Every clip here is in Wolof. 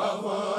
waaw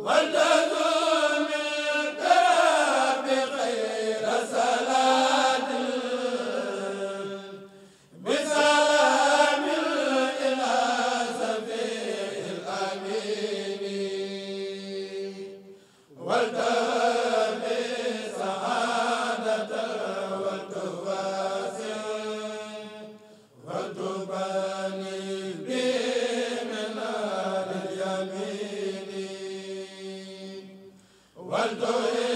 wala do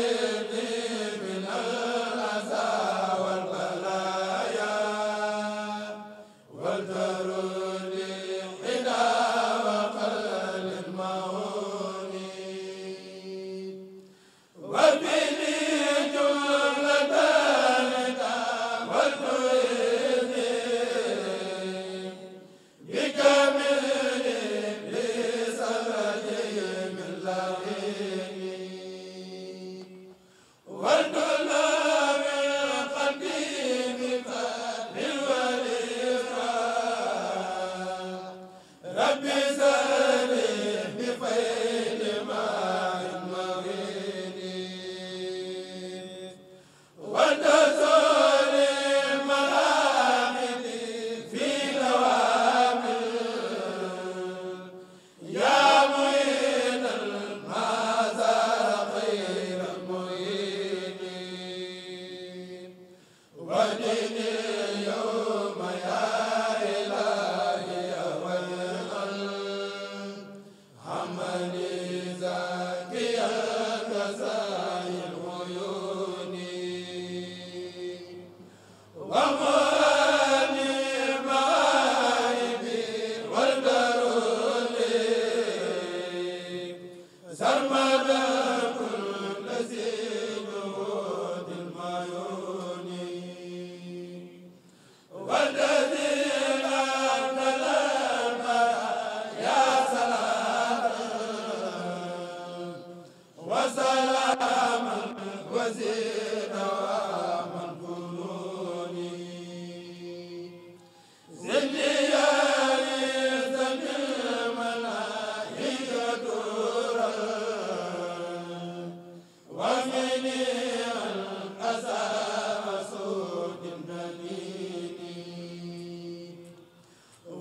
wa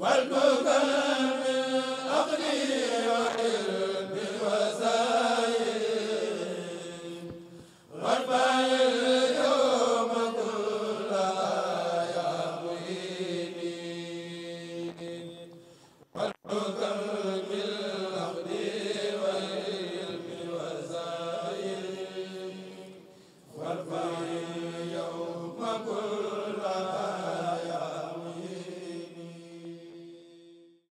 wal